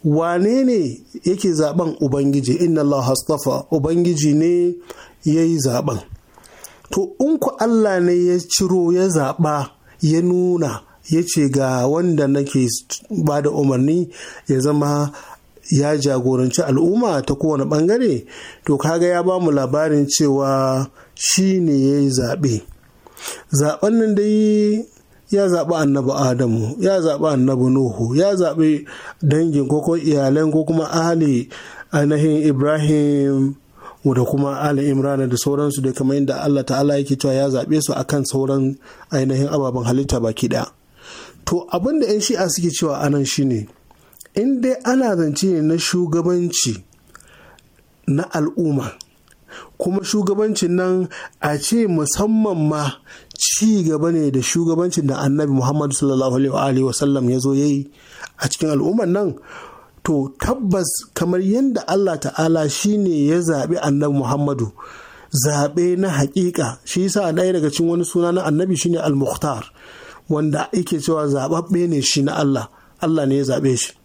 wane ne yake zaben ubangiji inna Allah hastafa ubangiji ne ya yi zaben to in ku Allah ne ya ciro ya zaɓa ya nuna ya ce ga wanda nake ba da umarni ya zama ya jagoranci al'umma ta kowane bangare to kaga ya ba mu labarin cewa shi ne ya yi zaɓe zaɓen nan dai ya zaɓi annabi adamu ya zaɓi annabi nuhu ya zaɓi dangin ko iyalan ko kuma Ali, ainihin ibrahim da kuma ali imrana da sauransu da kamar inda allah ta'ala yake cewa ya zaɓe su akan sauran ainihin ababen halitta baki ɗaya to abin da 'yan shi'a suke cewa anan shine in dai ana zance ne na shugabanci na al'umma kuma shugabancin nan a ce musamman ma ci gaba ne da shugabancin da annabi muhammadu sallallahu alaihi wasallam ya zo ya a cikin al'ummar nan to tabbas kamar yadda allah ta'ala shine ya zaɓi annabi muhammadu zaɓe na haƙiƙa shi yasa ɗaya daga cikin wani suna na annabi shine al-mukhtar wanda yake cewa zaɓaɓɓe ne shi na allah allah ne ya zaɓe shi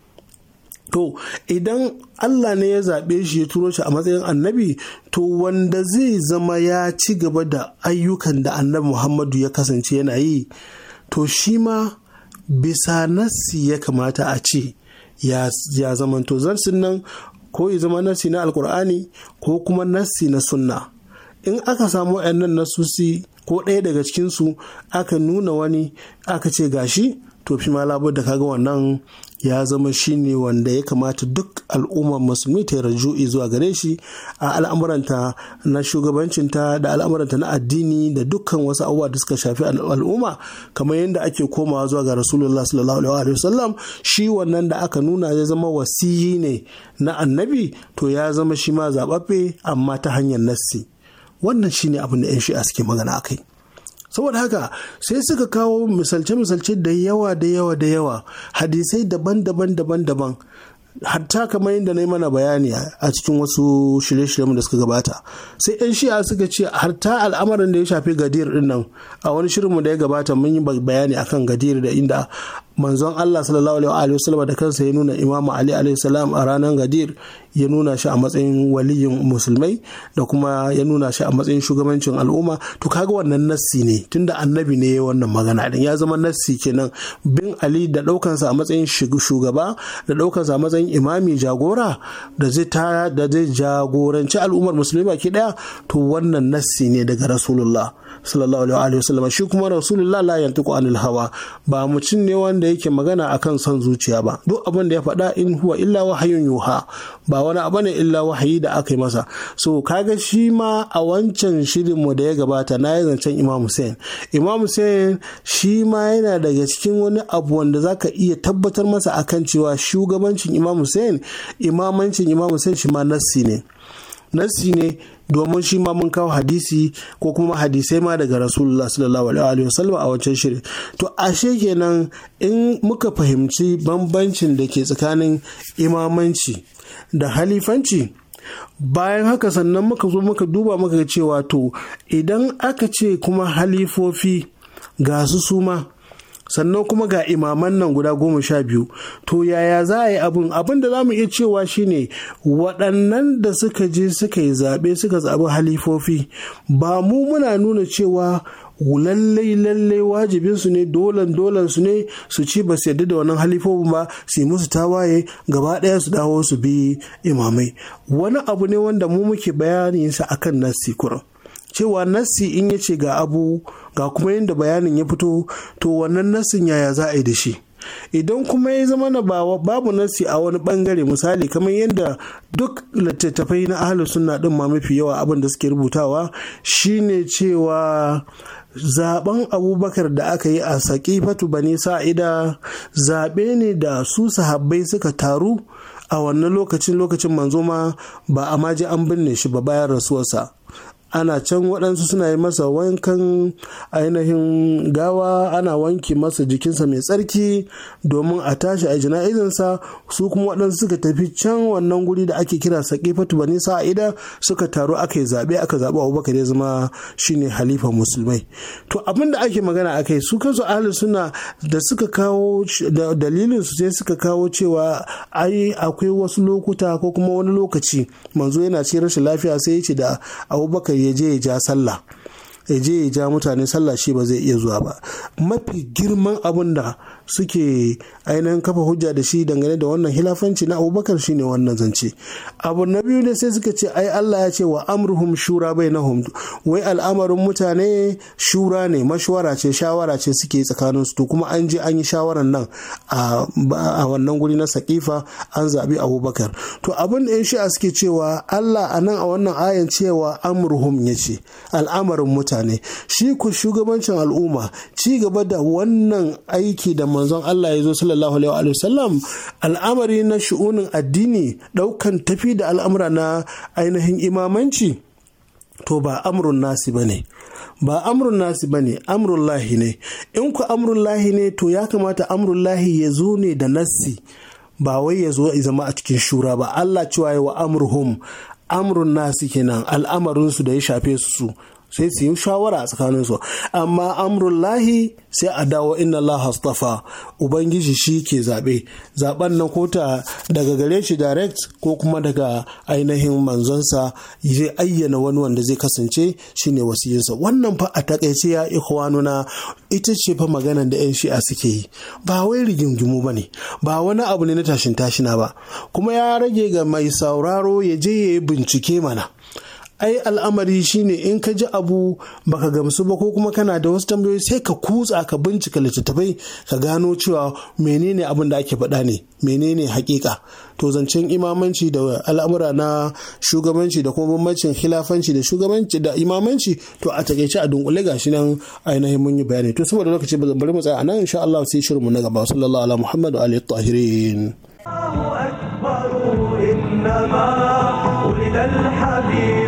to idan Allah ne ya zaɓe shi ya turo shi a matsayin annabi to wanda zai zama ya ci gaba da ayyukan da annabi Muhammadu ya kasance yana yi to shi ma bisa Nasi ya kamata a ce ya zamanto zarsin nan ko ya zama nassi na alkur'ani ko kuma nassi na sunna in aka samu nan nasusi ko ɗaya daga cikinsu aka nuna wani aka ce gashi to fi ma labar da kaga wannan ya zama shi ne wanda ya kamata duk al'ummar musulmi ta raju'i zuwa gare shi a al'amuranta na shugabancinta da al'amuranta na addini da dukkan wasu abubuwa da suka shafi al'umma kamar yadda ake komawa zuwa ga rasulullah sallallahu alaihi wasallam shi wannan da aka nuna ya zama wasiyi ne na annabi to ya zama shi ma zababbe amma ta hanyar nassi wannan shine abin da 'yan shi'a suke magana akai. kai saboda haka sai suka kawo misalce-misalce da yawa da yawa da yawa hadisai daban-daban daban-daban hatta kamar yadda na yi mana bayani a cikin wasu shirye-shiryen da suka gabata sai 'yan shi'a suka ce hatta al'amarin da ya shafi gadir dinnan a wani shirinmu da ya gabata mun yi bayani akan gadir da inda manzon Allah sallallahu alaihi wasallam da kansa ya nuna Imam Ali alaihi salam a ranar Gadir ya nuna shi a matsayin waliyin musulmai da kuma ya nuna shi a matsayin shugabancin al'umma to kaga wannan nassi ne tunda annabi ne wannan magana din ya zama nassi kenan bin Ali da sa a matsayin shugaba da sa a matsayin imami jagora da zai ta da zai jagoranci al'ummar musulmi baki daya to wannan nassi ne daga Rasulullah sallallahu alaihi wasallam shi kuma Rasulullah la yantiqu anil hawa ba mutum ne wanda da yake magana akan son zuciya ba duk abin da ya faɗa in huwa illa wahayun yuha ba wani abu ne illa wahayi da aka yi masa so kaga shi ma a wancan shirin mu da ya gabata na yi zancen Imam Hussein Imam Hussein shi ma yana daga cikin wani abu wanda zaka iya tabbatar masa akan cewa shugabancin Imam Hussein imamancin Imam Hussein shi ma nassi ne nassi ne domin shi ma mun kawo hadisi ko kuma hadisai ma daga rasulullah sallallahu alaihi wa sallam a wancan shirin to ashe kenan in muka fahimci bambancin da ke tsakanin imamanci da halifanci bayan haka sannan muka zo muka duba muka cewa to idan aka ce kuma halifofi ga su suma sannan kuma ga imaman nan guda goma sha biyu to yaya za a yi abin abin da za mu iya cewa shine waɗannan da suka je suka yi zaɓe suka zaɓi halifofi ba mu muna nuna cewa lallai lallai wajibin su ne dolan dolan su ne su ci ba su yadda da wannan halifofin ba su yi musu tawaye gaba ɗaya su dawo su bi imamai wani abu ne wanda mu muke bayanin sa akan nasi kuran cewa nassi in ya ce ga abu ga kuma yadda bayanin ya fito to wannan nassin yaya za a yi da shi idan kuma ya zama na babu nassi a wani bangare misali kamar yadda duk littattafai na ahalar suna din ma mafi yawa abin da suke rubutawa shine cewa zaben abubakar da aka yi a saƙifatu bani sa'ida zaɓe ne da su sahabbai suka taru a wannan lokacin lokacin manzoma, ba a maji an binne shi ba bayan rasuwarsa ana can waɗansu suna yi masa wankan ainihin gawa ana wanke masa jikinsa mai tsarki domin a tashi a jana'izinsa su kuma waɗansu suka tafi can wannan guri da ake kira sa a idan suka taru aka yi zaɓe aka zaɓi abubakar ya zama shine halifa musulmai to abin da ake magana akai su kansu ahli suna da suka kawo dalilin su sai suka kawo cewa ai akwai wasu lokuta ko kuma wani lokaci manzo yana cikin rashin lafiya sai ya ce da abubakar ya je ya ja sallah ya je ya ja mutane sallah shi ba zai iya zuwa ba mafi girman abun da suke ainihin kafa hujja da shi dangane da wannan hilafanci na abubakar shine wannan zance abu na biyu ne sai suka ce ai allah ya ce wa amruhum shura bai na wai al'amarin mutane shura ne mashwara ce shawara ce suke tsakanin su to kuma an je an yi shawaran nan a wannan guri na sakifa an zabi abubakar to abin da shi a suke cewa allah a nan a wannan ayan cewa amruhum ya ce al'amarin mutane shi ku shugabancin al'umma ci gaba da wannan aiki da manzon Allah ya zo sallallahu alaihi wa sallam al'amari na shu'unin addini daukan tafi da al'amura na ainihin imamanci to ba amrun nasi bane ba amrun nasi bane amrun lahi ne in ku amrun lahi ne to ya kamata amrun lahi ya zo ne da nassi ba wai ya zo zama a cikin shura ba Allah cewa wa amruhum amrun nasi kenan al'amarin su da ya shafe su sai su yi shawara a tsakanin su amma amrullahi sai a dawo inna Allah ubangiji shi ke zaɓe zaɓen nan kota daga gare shi direct ko kuma daga ainihin manzonsa zai ayyana wani wanda zai kasance shine wasiyinsa wannan fa a takaice ya ikhwanuna ita ce fa maganar da 'yan shi'a suke yi ba wai rigingimu ba ne ba wani abu ne na tashin tashina ba kuma ya rage ga mai sauraro ya je ya yi bincike mana ai al'amari shine in ka ji abu baka gamsu ba ko kuma kana da wasu tambayoyi sai ka kutsa ka bincika littattafai ka gano cewa menene abin da ake faɗa ne menene hakika to zancen imamanci da al'amura na shugabanci da kuma bambancin khilafanci da shugabanci da imamanci to a takaice a dunkule gashi nan ainihin mun yi bayani to saboda lokaci ba zan bari mu tsaya anan insha Allah sai mu na gaba sallallahu alaihi muhammad alihi tahirin Allahu akbar ma ulil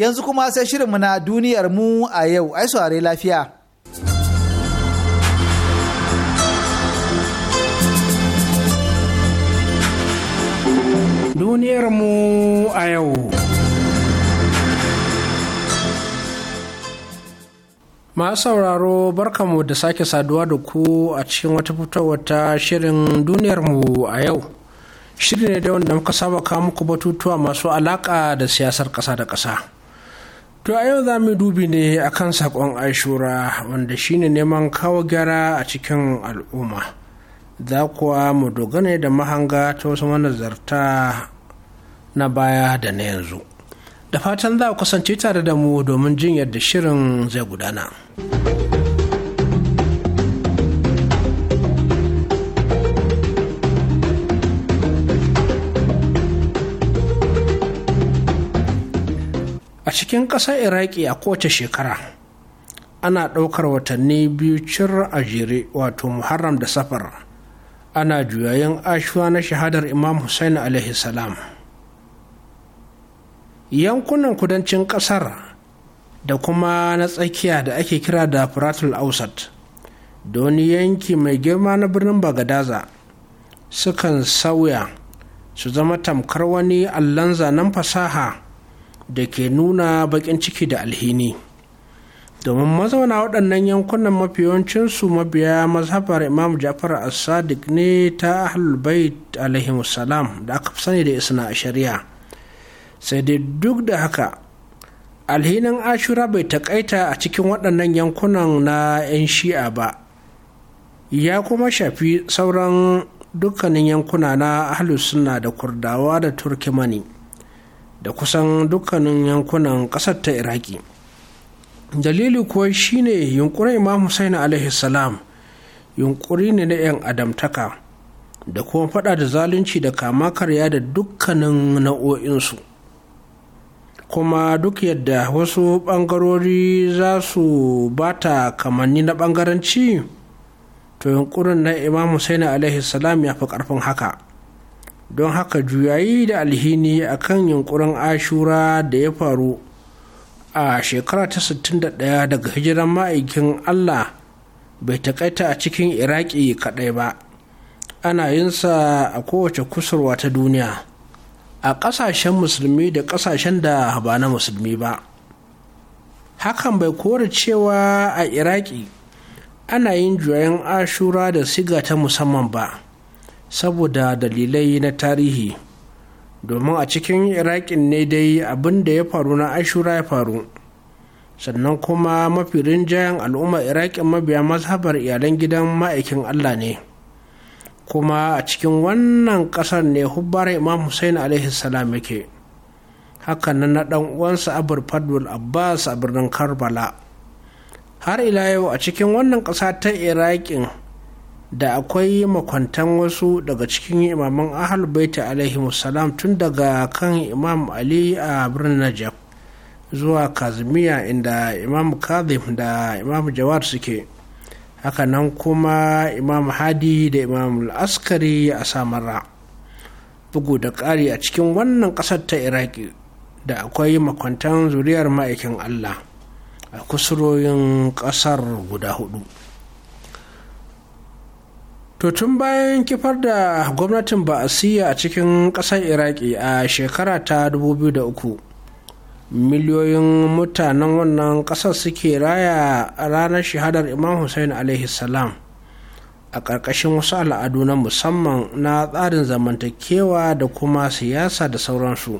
yanzu kuma sai shirinmu na duniyar mu a yau ai saurare lafiya. Duniyar mu a yau. Masu sauraro barkamu da sake saduwa da ku a cikin wata fitowar ta shirin duniyar mu a yau. shirin ne da wanda muka saba kawo muku batutuwa masu alaƙa da siyasar ƙasa da ƙasa. To a yau za mu dubi ne a kan sakon Ashura wanda shi ne neman kawo gyara a cikin al'umma. Za kuwa mu dogane da mahanga ta wasu manazarta na baya da na yanzu. Da fatan za ku kasance tare da mu domin jin yadda shirin zai gudana. cikin ƙasar iraki a kowace shekara ana ɗaukar watanni biyu cir a wato muharram da safar ana juyayen ashuwa na shahadar imam hussein alaihi salam yankunan kudancin ƙasar da kuma na tsakiya da ake kira da firatul ausat da wani yanki mai girma na birnin bagadaza sukan sauya su zama tamkar wani allon zanen fasaha da ke nuna baƙin ciki da alhini domin mazauna waɗannan yankunan mafi yawancinsu mabiya mazhabar imam jafar as-sadiq ne ta ahlul bait alaihi salam da aka fi sani da isna a shari'a sai dai duk da haka alhinin ashura bai takaita a cikin waɗannan yankunan na 'yan shi'a ba ya kuma shafi sauran dukkanin yankuna na ahlus suna da kurdawa da turkimani da kusan dukkanin yankunan ƙasar ta iraki dalili kuwa shine yunkurin imam husaini alaihi salam yunkuri ne na 'yan adamtaka da kuma fada da zalunci da kama karya da dukkanin nau'o'insu kuma duk yadda wasu ɓangarori za su bata kamanni na ɓangaranci to yunkurin na imam husaini alaihi salam ya fi karfin haka don haka juyayi da alhini a kan yunkurin ashura da ya faru a shekara ta 61 daga hijiran ma'aikin allah bai takaita a cikin iraki kadai ba ana yinsa a kowace kusurwa ta duniya a ƙasashen musulmi da ƙasashen da ba na musulmi ba hakan bai kori cewa a iraki ana yin juyayin ashura da siga ta musamman ba saboda dalilai na tarihi domin a cikin Iraƙi ne dai abin da ya faru na ashura ya faru sannan kuma mafi rinjayen al'umma iraƙin mabiya mazhabar iyalan gidan ma'aikin allah ne kuma a cikin wannan ƙasar ne hubbara imam hussein alaihi salam yake hakan na ɗan uwansa abul fadul abbas a birnin karbala har ila yau a cikin wannan ƙasa ta iraƙin da akwai makwantan wasu daga cikin imaman ahal baita alaihi salam tun daga kan imam ali a birnin najaf zuwa kazmiya inda imam kazim da imam jawar suke hakanan kuma imam hadi da imam al'askari a samarra bugu da ƙari a cikin wannan ƙasar ta iraki da akwai makwantan zuriyar ma'aikin allah a kusurorin ƙasar guda hudu To tun bayan kifar da gwamnatin ba'asiyya a cikin ƙasar Iraki a shekara ta 2003, miliyoyin mutanen wannan ƙasar suke raya ranar shahadar Imam Hussein alaihi salam a ƙarƙashin wasu al'adu na musamman na tsarin zamantakewa da kuma siyasa da sauransu.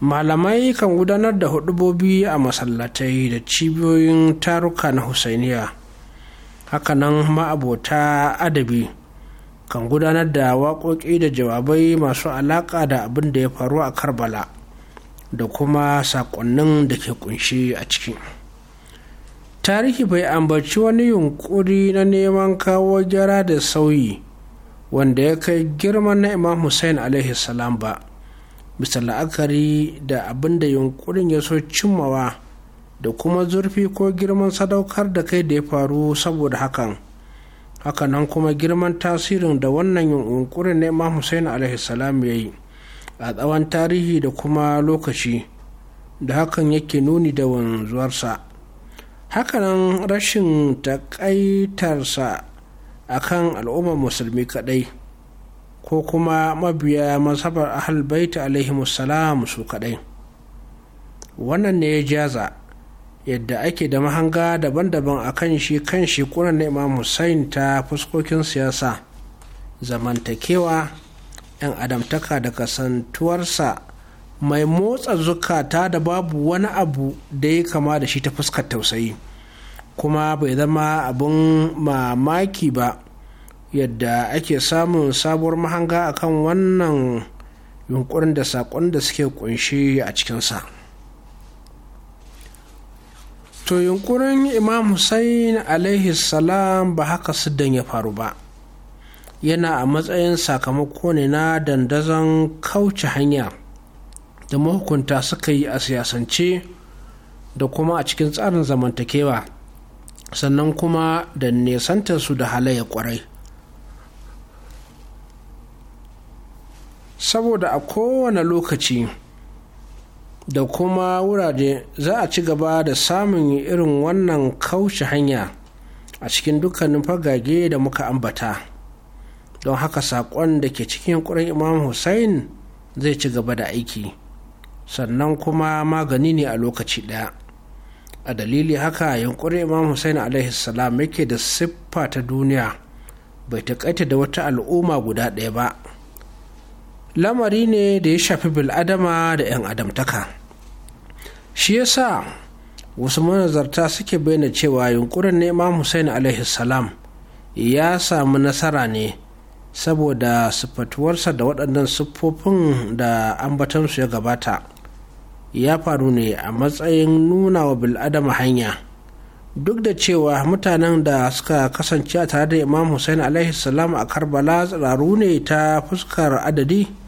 Malamai kan gudanar da hudubobi a masallatai da cibiyoyin taruka na Husainiya. hakanan ma'abota adabi kan gudanar da waƙoƙi da jawabai masu alaƙa da abin da ya faru a karbala da kuma saƙonnin da ke kunshi a ciki tarihi bai ambaci wani yunƙuri na neman kawo gyara da sauyi wanda ya kai girma na imam hussein alaihi ba bisa la'akari da abin da yunkurin ya so cimmawa da kuma zurfi ko girman sadaukar da kai da ya faru saboda hakan hakanan kuma girman tasirin da wannan yunkurin na imam hussein alaihissalam ya yi a tsawon tarihi da kuma lokaci da hakan yake nuni da wanzuwarsa hakanan rashin takaitarsa a kan al'ummar musulmi kadai ko kuma mabiya masabar ahal baita alaihimussalam su kadai wannan ne ya jaza yadda ake da mahanga daban-daban a kan shi kan shi na imam hussein ta fuskokin siyasa zamantakewa 'yan adamtaka da kasantuwarsa mai motsa zukata da babu wani abu da ya kama da shi ta fuskar tausayi kuma bai zama abin mamaki ba yadda ake samun sabuwar mahanga akan wannan yunkurin da saƙon da suke kunshi a cikinsa. to yunkurin imam hussein alaihi salam ba haka siddan ya faru ba yana a matsayin sakamako ne na dandazon kauce hanya da mahukunta suka yi a siyasance da kuma a cikin tsarin zamantakewa sannan kuma da nesantarsu da halayya kwarai saboda a kowane lokaci da kuma wurare za a ci gaba da samun irin wannan kaushe hanya a cikin dukkanin fagage da muka ambata don haka saƙon da ke cikin ƙuran imam hussain zai ci gaba da aiki sannan kuma magani ne a lokaci ɗaya a dalili haka yunkurin imam hussain alaihi salam yake da siffa ta duniya bai taƙaita da wata al'umma guda ɗaya ba lamari ne da ya shafi bil'adama da 'yan adamtaka shi yasa wasu manazarta suke bayyana cewa yunkurin na imam hussein salam ya samu nasara ne saboda sifatuwarsa da waɗannan siffofin da ambatansu ya gabata ya faru ne a matsayin nuna wa bil'adama hanya duk da cewa mutanen da suka kasance a tare da imam hussein alaihi salam a karbala tsiraru ne ta fuskar adadi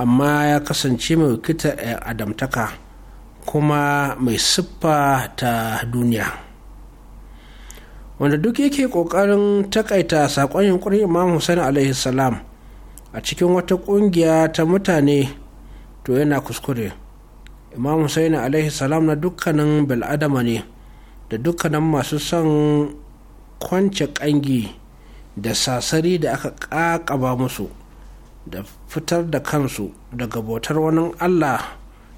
amma ya kasance mai wakita adamtaka kuma mai siffa ta duniya wanda duk yake ƙoƙarin takaita saƙon yunkurin imam hussein alaihi salam a cikin wata ƙungiya ta mutane to yana kuskure imam hussein alaihi salam na dukkanin bil'adama ne da dukkanin masu son kwance ƙangi da sasari da aka ƙaƙaba musu da fitar da kansu daga bautar wani allah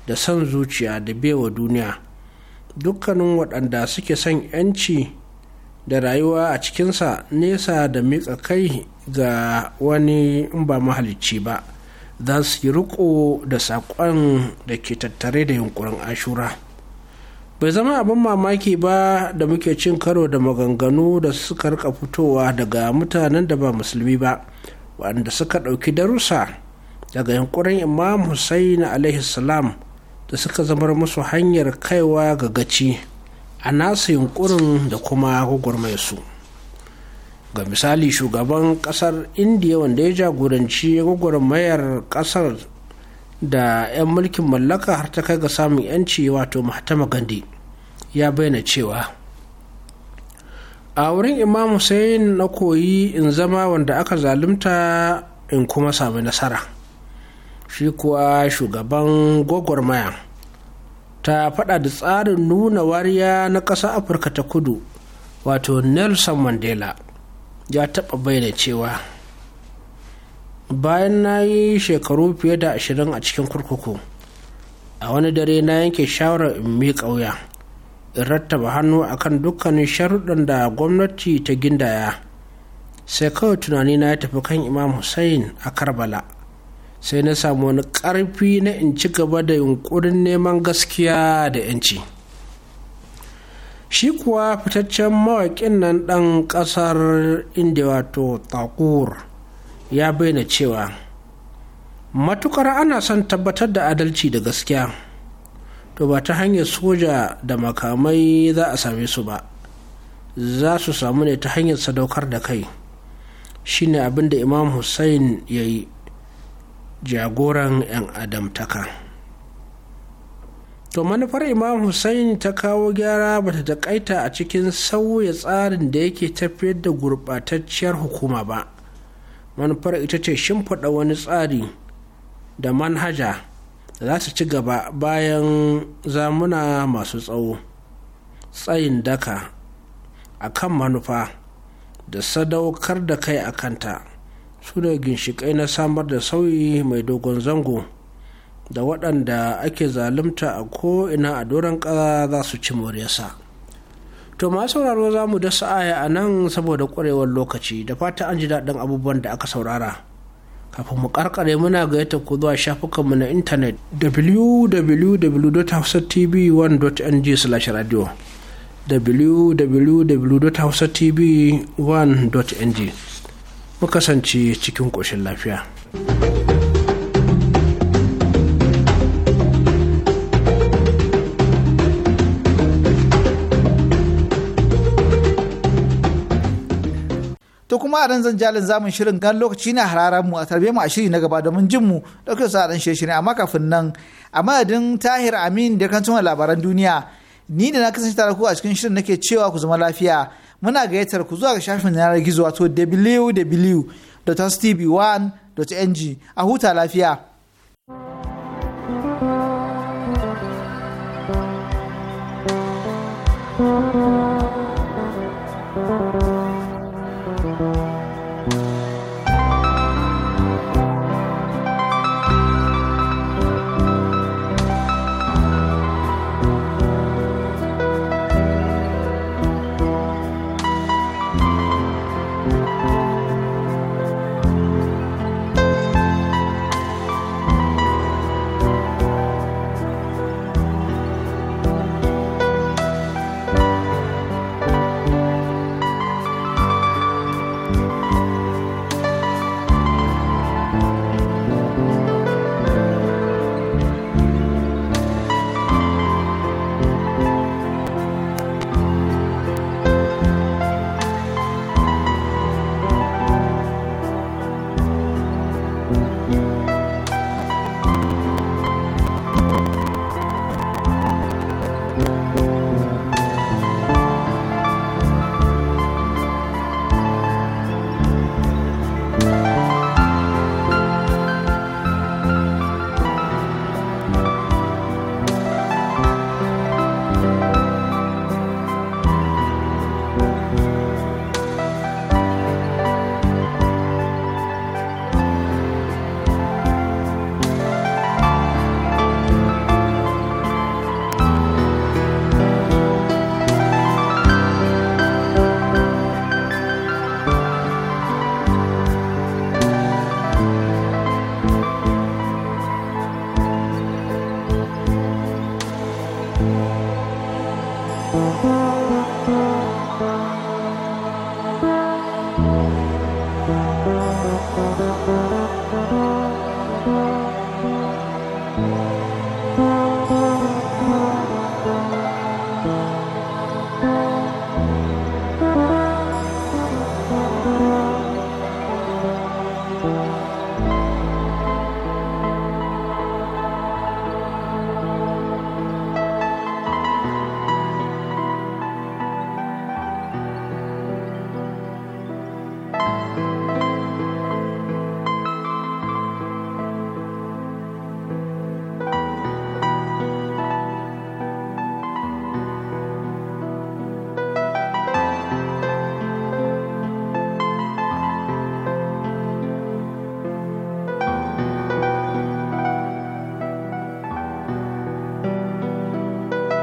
da son zuciya da bewa duniya dukkanin waɗanda suke son 'yanci da rayuwa a cikinsa nesa da miƙa kai ga wani in ba mahalicci ba za su yi riko da saƙon da ke tattare da yunkurin ashura bai zama abin mamaki ba da muke cin karo da maganganu da suka rika fitowa daga mutanen da ba musulmi ba waɗanda suka ɗauki darussa daga yankunan imam hussaini alaihi da suka zamar musu hanyar kaiwa ga gaci a nasu yunkurin da kuma gwagwarmayarsu su ga misali shugaban ƙasar indiya wanda ya jagoranci gwagwarmayar ƙasar da 'yan mulkin mallaka har ta kai ga samun 'yanci wato mahatama gandhi ya bayyana cewa a wurin imam hussein na koyi in zama wanda aka zalunta in kuma sami nasara shi kuwa shugaban gwagwarmaya ta fada da tsarin nuna wariya na ƙasa afirka ta kudu wato nelson mandela ya taɓa bayyana cewa bayan na yi shekaru fiye da ashirin a cikin kurkuku a wani dare na yanke shawarar in mi ƙauya In rattaba hannu kan dukkanin sharuɗan da gwamnati ta gindaya sai kawai tunani na ya tafi kan imam hussein a karbala sai na samu wani ƙarfi na in ci gaba da yunkurin neman gaskiya da 'yanci shi kuwa fitaccen mawaƙin nan ɗan ƙasar indiya wato takur ya bayyana cewa matukar ana son tabbatar da adalci da gaskiya to ba ta hanyar soja da makamai za a same su ba za su samu ne ta hanyar sadaukar da kai shine abin da imam hussein ya yi jagoran 'yan adamtaka to manufar imam hussein ta kawo gyara ba ta takaita a cikin sauya tsarin da yake tafiyar da gurbatacciyar hukuma ba manufar ita ce shimfiɗa wani tsari da manhaja za ta ci gaba bayan zamuna masu tsawo tsayin daka a kan manufa da sadaukar da kai a kanta su da ginshiƙai na samar da sauyi mai dogon zango da waɗanda ake zalunta a ko'ina a doron ƙasa za su ci moriyarsa to masu sauraro za mu da sa'aya a nan saboda ƙwarewar lokaci da fata an ji daɗin abubuwan da aka saurara. kafin mu karkare muna gayyata ku zuwa shafukanmu na intanet www.hausatv1.ng/radio www.hausatv1.ng muka kasance cikin ƙoshin lafiya. kuma a nan zan jalin zamun shirin gan lokaci na hararan mu a tarbe mu a shiri na gaba domin jin mu dauke su a dan shirye amma kafin nan a madadin tahir amin da kan tuna labaran duniya ni da na kasance tare ku a cikin shirin nake cewa ku zama lafiya muna gayyatar ku zuwa ga shafin yanar gizo wato wwwstb 1ng a huta lafiya.